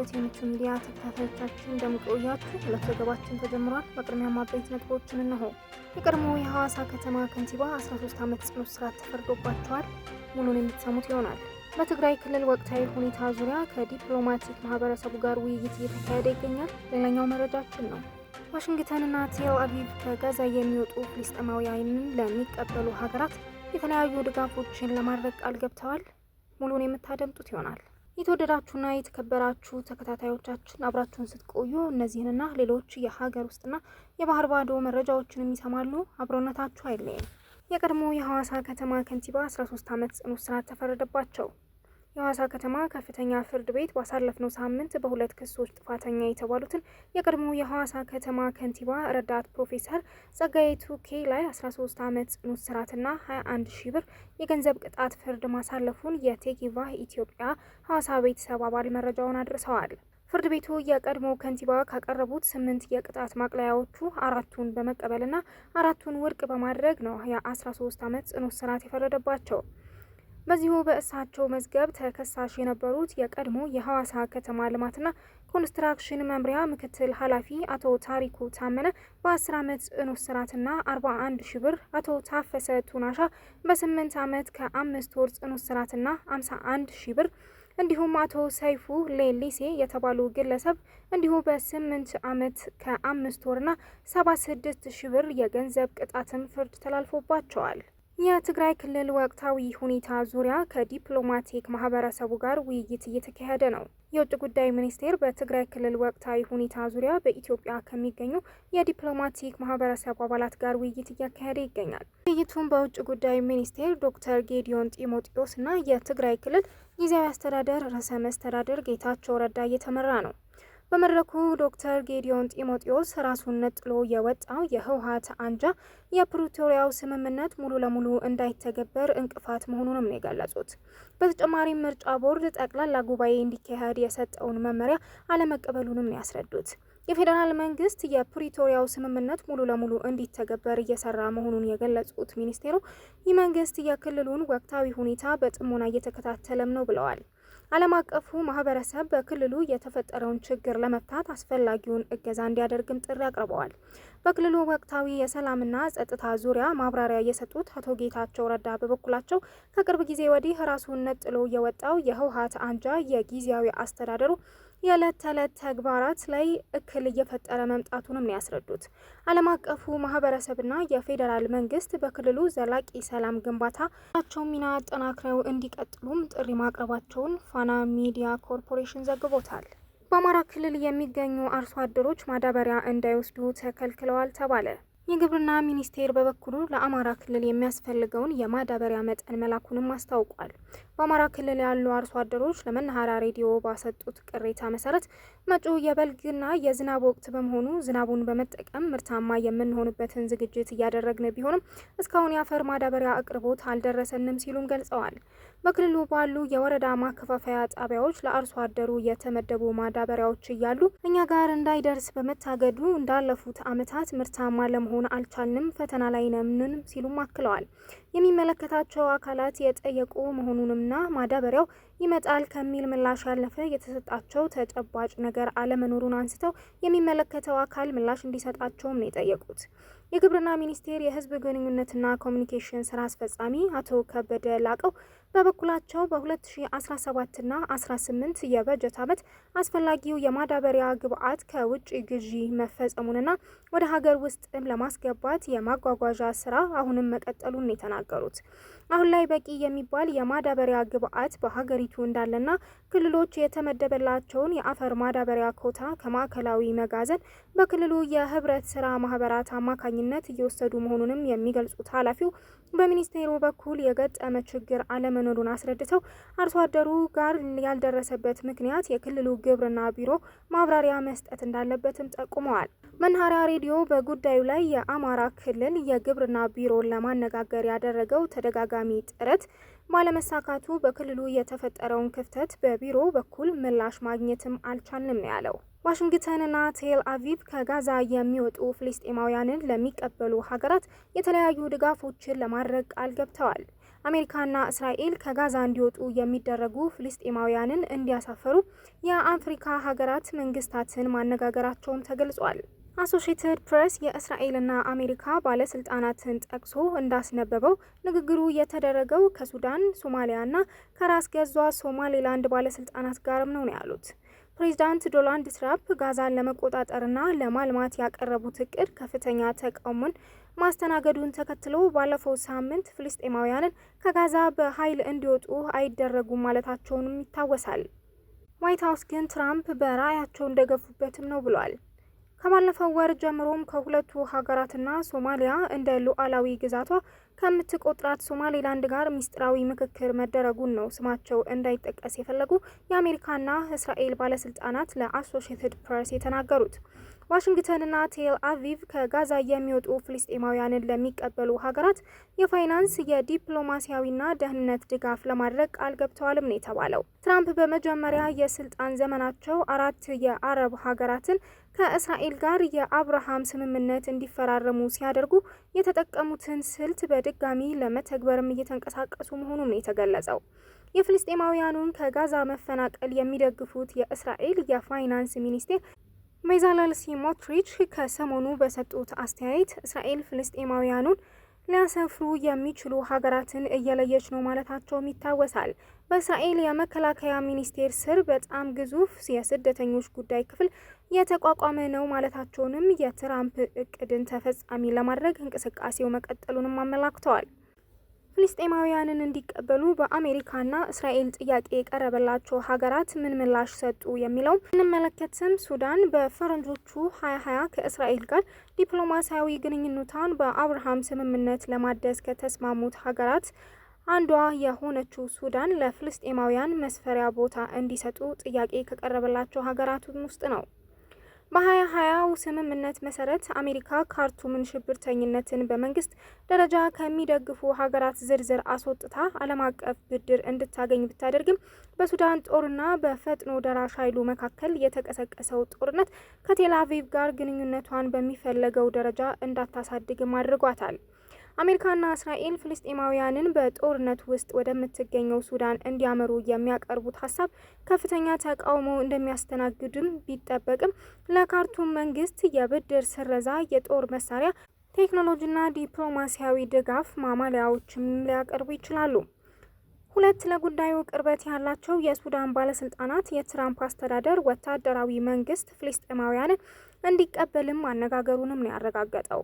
የቲኒቹ ሚዲያ ተከታታዮቻችን እንደምቆያችሁ ሁለት ዘገባችን ተጀምሯል። በቅድሚያ ማብሬት ነጥቦችን እነሆ። የቀድሞ የሐዋሳ ከተማ ከንቲባ 13 ዓመት ጽኑ እስራት ተፈርዶባቸዋል። ሙሉን የምትሰሙት ይሆናል። በትግራይ ክልል ወቅታዊ ሁኔታ ዙሪያ ከዲፕሎማቲክ ማህበረሰቡ ጋር ውይይት እየተካሄደ ይገኛል። ሌላኛው መረጃችን ነው። ዋሽንግተንና ቴል አቪቭ ከጋዛ የሚወጡ ፍልስጤማውያንን ለሚቀበሉ ሀገራት የተለያዩ ድጋፎችን ለማድረግ ቃል ገብተዋል። ሙሉን የምታደምጡት ይሆናል። የተወደዳችሁና የተከበራችሁ ተከታታዮቻችን አብራችሁን ስትቆዩ እነዚህንና ሌሎች የሀገር ውስጥና የባህር ባዶ መረጃዎችን የሚሰማሉ። አብሮነታችሁ አይለይም። የቀድሞ የሐዋሳ ከተማ ከንቲባ 13 ዓመት ጽኑ እስራት ተፈረደባቸው። የሐዋሳ ከተማ ከፍተኛ ፍርድ ቤት ባሳለፍነው ሳምንት በሁለት ክሶች ጥፋተኛ የተባሉትን የቀድሞ የሐዋሳ ከተማ ከንቲባ ረዳት ፕሮፌሰር ጸጋዬ ቱኬ ላይ 13 ዓመት ጽኑ እስራትና 21 ሺህ ብር የገንዘብ ቅጣት ፍርድ ማሳለፉን የቴጌቫህ ኢትዮጵያ ሐዋሳ ቤተሰብ አባል መረጃውን አድርሰዋል። ፍርድ ቤቱ የቀድሞ ከንቲባ ካቀረቡት ስምንት የቅጣት ማቅለያዎቹ አራቱን በመቀበልና አራቱን ውድቅ በማድረግ ነው የ13 ዓመት ጽኑ እስራት የፈረደባቸው። በዚሁ በእሳቸው መዝገብ ተከሳሽ የነበሩት የቀድሞ የሐዋሳ ከተማ ልማትና ኮንስትራክሽን መምሪያ ምክትል ኃላፊ አቶ ታሪኩ ታመነ በ10 ዓመት ጽኑ እስራትና 41 ሺ ብር፣ አቶ ታፈሰ ቱናሻ በ8 ዓመት ከአምስት ወር ጽኑ እስራትና 51 ሺ ብር እንዲሁም አቶ ሰይፉ ሌሊሴ የተባሉ ግለሰብ እንዲሁ በስምንት ዓመት ከአምስት ወርና ሰባ ስድስት ሺ ብር የገንዘብ ቅጣትም ፍርድ ተላልፎባቸዋል። የትግራይ ክልል ወቅታዊ ሁኔታ ዙሪያ ከዲፕሎማቲክ ማህበረሰቡ ጋር ውይይት እየተካሄደ ነው። የውጭ ጉዳይ ሚኒስቴር በትግራይ ክልል ወቅታዊ ሁኔታ ዙሪያ በኢትዮጵያ ከሚገኙ የዲፕሎማቲክ ማህበረሰቡ አባላት ጋር ውይይት እያካሄደ ይገኛል። ውይይቱም በውጭ ጉዳይ ሚኒስቴር ዶክተር ጌዲዮን ጢሞቴዎስ እና የትግራይ ክልል ጊዜያዊ አስተዳደር ርዕሰ መስተዳደር ጌታቸው ረዳ እየተመራ ነው። በመድረኩ ዶክተር ጌዲዮን ጢሞቴዎስ ራሱን ነጥሎ የወጣው የህወሀት አንጃ የፕሪቶሪያው ስምምነት ሙሉ ለሙሉ እንዳይተገበር እንቅፋት መሆኑንም ነው የገለጹት። በተጨማሪም ምርጫ ቦርድ ጠቅላላ ጉባኤ እንዲካሄድ የሰጠውን መመሪያ አለመቀበሉንም ነው ያስረዱት። የፌዴራል መንግስት የፕሪቶሪያው ስምምነት ሙሉ ለሙሉ እንዲተገበር እየሰራ መሆኑን የገለጹት ሚኒስቴሩ ይህ መንግስት የክልሉን ወቅታዊ ሁኔታ በጥሞና እየተከታተለም ነው ብለዋል። ዓለም አቀፉ ማህበረሰብ በክልሉ የተፈጠረውን ችግር ለመፍታት አስፈላጊውን እገዛ እንዲያደርግም ጥሪ አቅርበዋል። በክልሉ ወቅታዊ የሰላምና ጸጥታ ዙሪያ ማብራሪያ የሰጡት አቶ ጌታቸው ረዳ በበኩላቸው ከቅርብ ጊዜ ወዲህ ራሱን ነጥሎ የወጣው የህወሀት አንጃ የጊዜያዊ አስተዳደሩ የዕለት ተዕለት ተግባራት ላይ እክል እየፈጠረ መምጣቱንም ያስረዱት። ዓለም አቀፉ ማህበረሰብና የፌዴራል መንግስት በክልሉ ዘላቂ ሰላም ግንባታ ናቸው ሚና አጠናክረው እንዲቀጥሉም ጥሪ ማቅረባቸውን ፋና ሚዲያ ኮርፖሬሽን ዘግቦታል። በአማራ ክልል የሚገኙ አርሶ አደሮች ማዳበሪያ እንዳይወስዱ ተከልክለዋል ተባለ። የግብርና ሚኒስቴር በበኩሉ ለአማራ ክልል የሚያስፈልገውን የማዳበሪያ መጠን መላኩንም አስታውቋል። በአማራ ክልል ያሉ አርሶ አደሮች ለመናኸሪያ ሬዲዮ ባሰጡት ቅሬታ መሰረት መጪው የበልግና የዝናብ ወቅት በመሆኑ ዝናቡን በመጠቀም ምርታማ የምንሆንበትን ዝግጅት እያደረግን ቢሆንም እስካሁን የአፈር ማዳበሪያ አቅርቦት አልደረሰንም ሲሉም ገልጸዋል። በክልሉ ባሉ የወረዳ ማከፋፈያ ጣቢያዎች ለአርሶ አደሩ የተመደቡ ማዳበሪያዎች እያሉ እኛ ጋር እንዳይደርስ በመታገዱ እንዳለፉት ዓመታት ምርታማ ለመሆን አልቻልንም፣ ፈተና ላይ ነን ሲሉም አክለዋል። የሚመለከታቸው አካላት የጠየቁ መሆኑንምና ማዳበሪያው ይመጣል ከሚል ምላሽ ያለፈ የተሰጣቸው ተጨባጭ ነገር አለመኖሩን አንስተው የሚመለከተው አካል ምላሽ እንዲሰጣቸውም ነው የጠየቁት። የግብርና ሚኒስቴር የህዝብ ግንኙነትና ኮሚኒኬሽን ስራ አስፈጻሚ አቶ ከበደ ላቀው በበኩላቸው በ2017 እና 18 የበጀት ዓመት አስፈላጊው የማዳበሪያ ግብዓት ከውጭ ግዢ መፈጸሙንና ወደ ሀገር ውስጥም ለማስገባት የማጓጓዣ ስራ አሁንም መቀጠሉን የተናገሩት አሁን ላይ በቂ የሚባል የማዳበሪያ ግብዓት በሀገሪቱ እንዳለና ክልሎች የተመደበላቸውን የአፈር ማዳበሪያ ኮታ ከማዕከላዊ መጋዘን በክልሉ የህብረት ስራ ማህበራት አማካኝነት እየወሰዱ መሆኑንም የሚገልጹት ኃላፊው በሚኒስቴሩ በኩል የገጠመ ችግር አለመኖ መሆኑን አስረድተው አርሶ አደሩ ጋር ያልደረሰበት ምክንያት የክልሉ ግብርና ቢሮ ማብራሪያ መስጠት እንዳለበትም ጠቁመዋል። መናኸሪያ ሬዲዮ በጉዳዩ ላይ የአማራ ክልል የግብርና ቢሮን ለማነጋገር ያደረገው ተደጋጋሚ ጥረት ባለመሳካቱ በክልሉ የተፈጠረውን ክፍተት በቢሮ በኩል ምላሽ ማግኘትም አልቻልንም ነው ያለው። ዋሽንግተንና ቴል አቪቭ ከጋዛ የሚወጡ ፍልስጤማውያንን ለሚቀበሉ ሀገራት የተለያዩ ድጋፎችን ለማድረግ ቃል ገብተዋል። አሜሪካና እስራኤል ከጋዛ እንዲወጡ የሚደረጉ ፍልስጤማውያንን እንዲያሳፈሩ የአፍሪካ ሀገራት መንግስታትን ማነጋገራቸውም ተገልጿል። አሶሺየትድ ፕሬስ የእስራኤልና አሜሪካ ባለስልጣናትን ጠቅሶ እንዳስነበበው ንግግሩ የተደረገው ከሱዳን፣ ሶማሊያና ከራስ ገዟ ሶማሌላንድ ባለስልጣናት ጋርም ነው ነው ያሉት። ፕሬዚዳንት ዶናልድ ትራምፕ ጋዛን ለመቆጣጠርና ለማልማት ያቀረቡት እቅድ ከፍተኛ ተቃውሞን ማስተናገዱን ተከትሎ ባለፈው ሳምንት ፍልስጤማውያንን ከጋዛ በኃይል እንዲወጡ አይደረጉም ማለታቸውንም ይታወሳል። ዋይት ሀውስ ግን ትራምፕ በራዕያቸው እንደገፉበትም ነው ብሏል። ከባለፈው ወር ጀምሮም ከሁለቱ ሀገራትና ሶማሊያ እንደ ሉዓላዊ ግዛቷ ከምትቆጥራት ሶማሌላንድ ጋር ሚስጥራዊ ምክክር መደረጉን ነው ስማቸው እንዳይጠቀስ የፈለጉ የአሜሪካና እስራኤል ባለስልጣናት ለአሶሽትድ ፕሬስ የተናገሩት። ዋሽንግተንና ቴል አቪቭ ከጋዛ የሚወጡ ፍልስጤማውያንን ለሚቀበሉ ሀገራት የፋይናንስ የዲፕሎማሲያዊና ደህንነት ድጋፍ ለማድረግ ቃል ገብተዋልም ነው የተባለው። ትራምፕ በመጀመሪያ የስልጣን ዘመናቸው አራት የአረብ ሀገራትን ከእስራኤል ጋር የአብርሃም ስምምነት እንዲፈራረሙ ሲያደርጉ የተጠቀሙትን ስልት በድጋሚ ለመተግበርም እየተንቀሳቀሱ መሆኑን የተገለጸው የፍልስጤማውያኑን ከጋዛ መፈናቀል የሚደግፉት የእስራኤል የፋይናንስ ሚኒስቴር ቤዛሌል ስሞትሪች ከሰሞኑ በሰጡት አስተያየት እስራኤል ፍልስጤማውያኑን ሊያሰፍሩ የሚችሉ ሀገራትን እየለየች ነው ማለታቸውም ይታወሳል። በእስራኤል የመከላከያ ሚኒስቴር ስር በጣም ግዙፍ የስደተኞች ጉዳይ ክፍል የተቋቋመ ነው ማለታቸውንም የትራምፕ እቅድን ተፈጻሚ ለማድረግ እንቅስቃሴው መቀጠሉንም አመላክተዋል። ፍልስጤማውያንን እንዲቀበሉ በአሜሪካና እስራኤል ጥያቄ የቀረበላቸው ሀገራት ምን ምላሽ ሰጡ የሚለው እንመለከትም። ሱዳን በፈረንጆቹ 2020 ከእስራኤል ጋር ዲፕሎማሲያዊ ግንኙነቷን በአብርሃም ስምምነት ለማደስ ከተስማሙት ሀገራት አንዷ የሆነችው ሱዳን ለፍልስጤማውያን መስፈሪያ ቦታ እንዲሰጡ ጥያቄ ከቀረበላቸው ሀገራት ውስጥ ነው። በ ሀያው ስምምነት መሰረት አሜሪካ ካርቱምን ሽብርተኝነትን በመንግስት ደረጃ ከሚደግፉ ሀገራት ዝርዝር አስወጥታ ዓለም አቀፍ ብድር እንድታገኝ ብታደርግም በሱዳን ጦርና በፈጥኖ ደራሽ ኃይሉ መካከል የተቀሰቀሰው ጦርነት ከቴል አቪቭ ጋር ግንኙነቷን በሚፈለገው ደረጃ እንዳታሳድግም አድርጓታል። አሜሪካና እስራኤል ፍልስጤማውያንን በጦርነት ውስጥ ወደምትገኘው ሱዳን እንዲያመሩ የሚያቀርቡት ሀሳብ ከፍተኛ ተቃውሞ እንደሚያስተናግድም ቢጠበቅም ለካርቱም መንግስት የብድር ስረዛ፣ የጦር መሳሪያ፣ ቴክኖሎጂና ዲፕሎማሲያዊ ድጋፍ ማማለያዎችም ሊያቀርቡ ይችላሉ። ሁለት ለጉዳዩ ቅርበት ያላቸው የሱዳን ባለስልጣናት የትራምፕ አስተዳደር ወታደራዊ መንግስት ፍልስጤማውያንን እንዲቀበልም ማነጋገሩንም ነው ያረጋገጠው።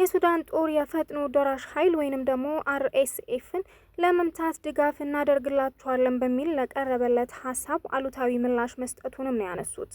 የሱዳን ጦር የፈጥኖ ደራሽ ኃይል ወይንም ደግሞ አርኤስኤፍን ለመምታት ድጋፍ እናደርግላቸዋለን በሚል ለቀረበለት ሀሳብ አሉታዊ ምላሽ መስጠቱንም ነው ያነሱት።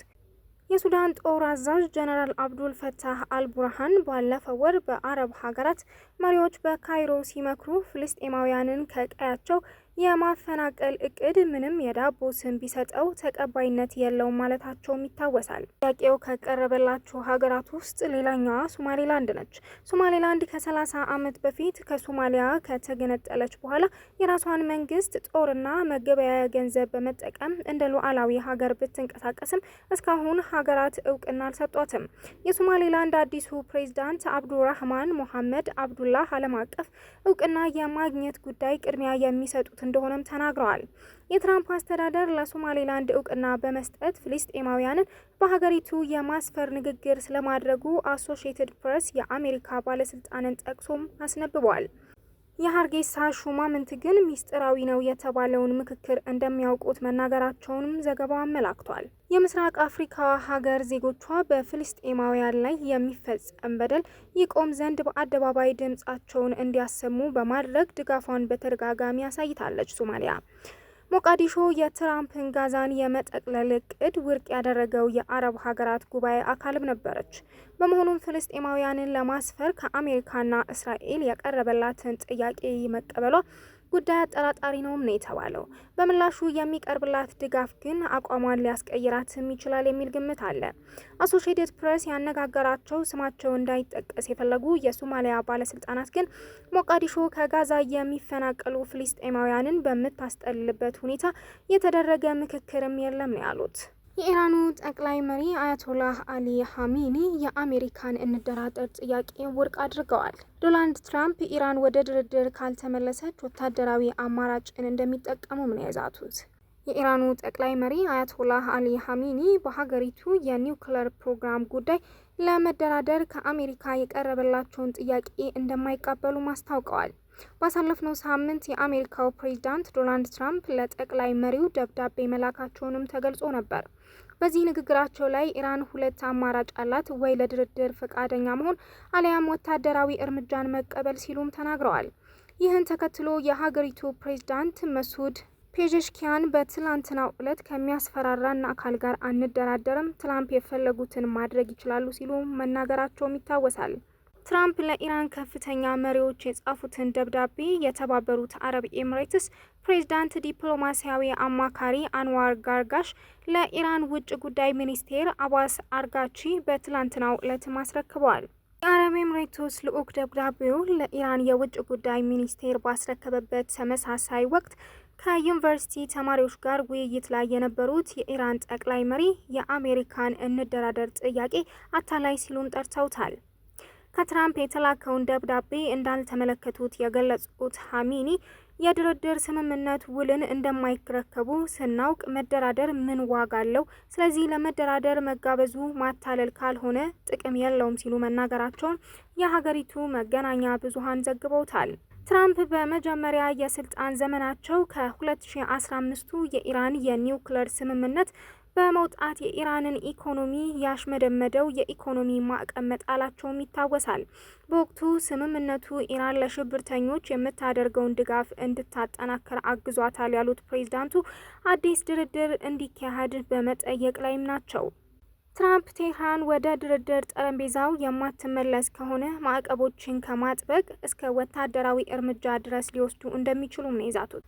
የሱዳን ጦር አዛዥ ጀነራል አብዱል ፈታህ አልቡርሃን ባለፈው ወር በአረብ ሀገራት መሪዎች በካይሮ ሲመክሩ ፍልስጤማውያንን ከቀያቸው የማፈናቀል እቅድ ምንም የዳቦ ስም ቢሰጠው ተቀባይነት የለውም ማለታቸውም ይታወሳል። ጥያቄው ከቀረበላቸው ሀገራት ውስጥ ሌላኛዋ ሶማሌላንድ ነች። ሶማሌላንድ ከሰላሳ ዓመት በፊት ከሶማሊያ ከተገነጠለች በኋላ የራሷን መንግስት ጦርና መገበያያ ገንዘብ በመጠቀም እንደ ሉዓላዊ ሀገር ብትንቀሳቀስም እስካሁን ሀገራት እውቅና አልሰጧትም። የሶማሌላንድ አዲሱ ፕሬዚዳንት አብዱራህማን ሞሐመድ አብዱላህ ዓለም አቀፍ እውቅና የማግኘት ጉዳይ ቅድሚያ የሚሰጡትን እንደሆነም ተናግረዋል። የትራምፕ አስተዳደር ለሶማሌላንድ እውቅና በመስጠት ፍልስጤማውያንን በሀገሪቱ የማስፈር ንግግር ስለማድረጉ አሶሽየትድ ፕሬስ የአሜሪካ ባለስልጣንን ጠቅሶም አስነብቧል። የሀርጌሳ ሹማምንት ግን ሚስጥራዊ ነው የተባለውን ምክክር እንደሚያውቁት መናገራቸውንም ዘገባው አመላክቷል። የምስራቅ አፍሪካ ሀገር ዜጎቿ በፍልስጤማውያን ላይ የሚፈጸም በደል ይቆም ዘንድ በአደባባይ ድምጻቸውን እንዲያሰሙ በማድረግ ድጋፏን በተደጋጋሚ አሳይታለች ሶማሊያ። ሞቃዲሾ የትራምፕን ጋዛን የመጠቅለል እቅድ ውድቅ ያደረገው የአረብ ሀገራት ጉባኤ አካልም ነበረች። በመሆኑም ፍልስጤማውያንን ለማስፈር ከአሜሪካና እስራኤል የቀረበላትን ጥያቄ መቀበሏ ጉዳይ አጠራጣሪ ነውም ነው የተባለው። በምላሹ የሚቀርብላት ድጋፍ ግን አቋሟን ሊያስቀይራትም ይችላል የሚል ግምት አለ። አሶሺየትድ ፕሬስ ያነጋገራቸው ስማቸው እንዳይጠቀስ የፈለጉ የሶማሊያ ባለስልጣናት ግን ሞቃዲሾ ከጋዛ የሚፈናቀሉ ፍልስጤማውያንን በምታስጠልልበት ሁኔታ የተደረገ ምክክርም የለም ነው ያሉት። የኢራኑ ጠቅላይ መሪ አያቶላህ አሊ ሀሚኒ የአሜሪካን እንደራደር ጥያቄ ውድቅ አድርገዋል። ዶናልድ ትራምፕ ኢራን ወደ ድርድር ካልተመለሰች ወታደራዊ አማራጭን እንደሚጠቀሙም ነው የዛቱት። የኢራኑ ጠቅላይ መሪ አያቶላህ አሊ ሀሚኒ በሀገሪቱ የኒውክለር ፕሮግራም ጉዳይ ለመደራደር ከአሜሪካ የቀረበላቸውን ጥያቄ እንደማይቀበሉ አስታውቀዋል። ባሳለፍነው ሳምንት የአሜሪካው ፕሬዚዳንት ዶናልድ ትራምፕ ለጠቅላይ መሪው ደብዳቤ መላካቸውንም ተገልጾ ነበር። በዚህ ንግግራቸው ላይ ኢራን ሁለት አማራጭ አላት፣ ወይ ለድርድር ፈቃደኛ መሆን አሊያም ወታደራዊ እርምጃን መቀበል ሲሉም ተናግረዋል። ይህን ተከትሎ የሀገሪቱ ፕሬዚዳንት መሱድ ፔጀሽኪያን በትላንትናው ዕለት ከሚያስፈራራን አካል ጋር አንደራደርም፣ ትራምፕ የፈለጉትን ማድረግ ይችላሉ ሲሉ መናገራቸውም ይታወሳል። ትራምፕ ለኢራን ከፍተኛ መሪዎች የጻፉትን ደብዳቤ የተባበሩት አረብ ኤምሬትስ ፕሬዝዳንት ዲፕሎማሲያዊ አማካሪ አንዋር ጋርጋሽ ለኢራን ውጭ ጉዳይ ሚኒስቴር አባስ አርጋቺ በትላንትናው ዕለትም አስረክበዋል። የአረብ ኤምሬቶስ ልዑክ ደብዳቤው ለኢራን የውጭ ጉዳይ ሚኒስቴር ባስረከበበት ተመሳሳይ ወቅት ከዩኒቨርሲቲ ተማሪዎች ጋር ውይይት ላይ የነበሩት የኢራን ጠቅላይ መሪ የአሜሪካን እንደራደር ጥያቄ አታላይ ሲሉም ጠርተውታል። ከትራምፕ የተላከውን ደብዳቤ እንዳልተመለከቱት የገለጹት ሀሚኒ የድርድር ስምምነት ውልን እንደማይረከቡ ስናውቅ መደራደር ምን ዋጋ አለው? ስለዚህ ለመደራደር መጋበዙ ማታለል ካልሆነ ጥቅም የለውም ሲሉ መናገራቸውን የሀገሪቱ መገናኛ ብዙሃን ዘግበውታል። ትራምፕ በመጀመሪያ የስልጣን ዘመናቸው ከ2015ቱ የኢራን የኒውክለር ስምምነት በመውጣት የኢራንን ኢኮኖሚ ያሽመደመደው የኢኮኖሚ ማዕቀብ መጣላቸውም ይታወሳል። በወቅቱ ስምምነቱ ኢራን ለሽብርተኞች የምታደርገውን ድጋፍ እንድታጠናከር አግዟታል ያሉት ፕሬዝዳንቱ አዲስ ድርድር እንዲካሄድ በመጠየቅ ላይም ናቸው። ትራምፕ ቴህራን ወደ ድርድር ጠረጴዛው የማትመለስ ከሆነ ማዕቀቦችን ከማጥበቅ እስከ ወታደራዊ እርምጃ ድረስ ሊወስዱ እንደሚችሉም ነው የዛቱት።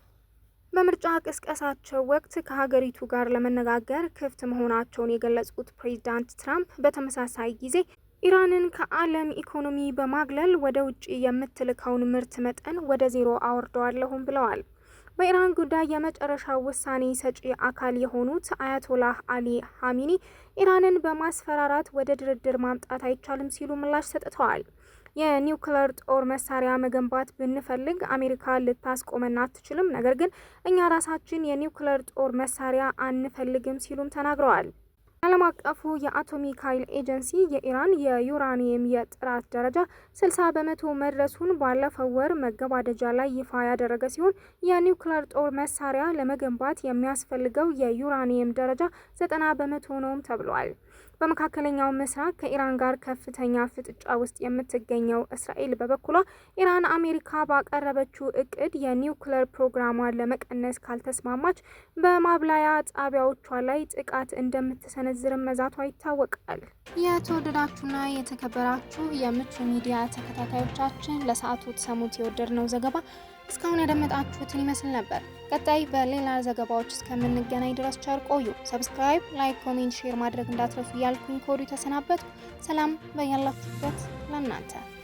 በምርጫ ቅስቀሳቸው ወቅት ከሀገሪቱ ጋር ለመነጋገር ክፍት መሆናቸውን የገለጹት ፕሬዚዳንት ትራምፕ በተመሳሳይ ጊዜ ኢራንን ከዓለም ኢኮኖሚ በማግለል ወደ ውጭ የምትልከውን ምርት መጠን ወደ ዜሮ አወርደዋለሁም ብለዋል። በኢራን ጉዳይ የመጨረሻ ውሳኔ ሰጪ አካል የሆኑት አያቶላህ አሊ ሀሚኒ ኢራንን በማስፈራራት ወደ ድርድር ማምጣት አይቻልም ሲሉ ምላሽ ሰጥተዋል። የኒውክለር ጦር መሳሪያ መገንባት ብንፈልግ አሜሪካ ልታስቆመን አትችልም፣ ነገር ግን እኛ ራሳችን የኒውክለር ጦር መሳሪያ አንፈልግም ሲሉም ተናግረዋል። ዓለም አቀፉ የአቶሚክ ኃይል ኤጀንሲ የኢራን የዩራኒየም የጥራት ደረጃ 60 በመቶ መድረሱን ባለፈው ወር መገባደጃ ላይ ይፋ ያደረገ ሲሆን የኒውክለር ጦር መሳሪያ ለመገንባት የሚያስፈልገው የዩራኒየም ደረጃ 90 በመቶ ነውም ተብሏል። በመካከለኛው ምስራቅ ከኢራን ጋር ከፍተኛ ፍጥጫ ውስጥ የምትገኘው እስራኤል በበኩሏ ኢራን አሜሪካ ባቀረበችው እቅድ የኒውክሌር ፕሮግራሟን ለመቀነስ ካልተስማማች በማብላያ ጣቢያዎቿ ላይ ጥቃት እንደምትሰነዝር መዛቷ ይታወቃል። የተወደዳችሁና የተከበራችሁ የምቹ ሚዲያ ተከታታዮቻችን ለሰዓቱ ተሰሙት የወደድነው ዘገባ እስካሁን ያደመጣችሁትን ይመስል ነበር። ቀጣይ በሌላ ዘገባዎች እስከምንገናኝ ድረስ ቸር ቆዩ። ሰብስክራይብ፣ ላይክ፣ ኮሜንት፣ ሼር ማድረግ እንዳትረሱ እያልኩኝ ከወዲሁ ተሰናበትኩ። ሰላም በያላችሁበት ለእናንተ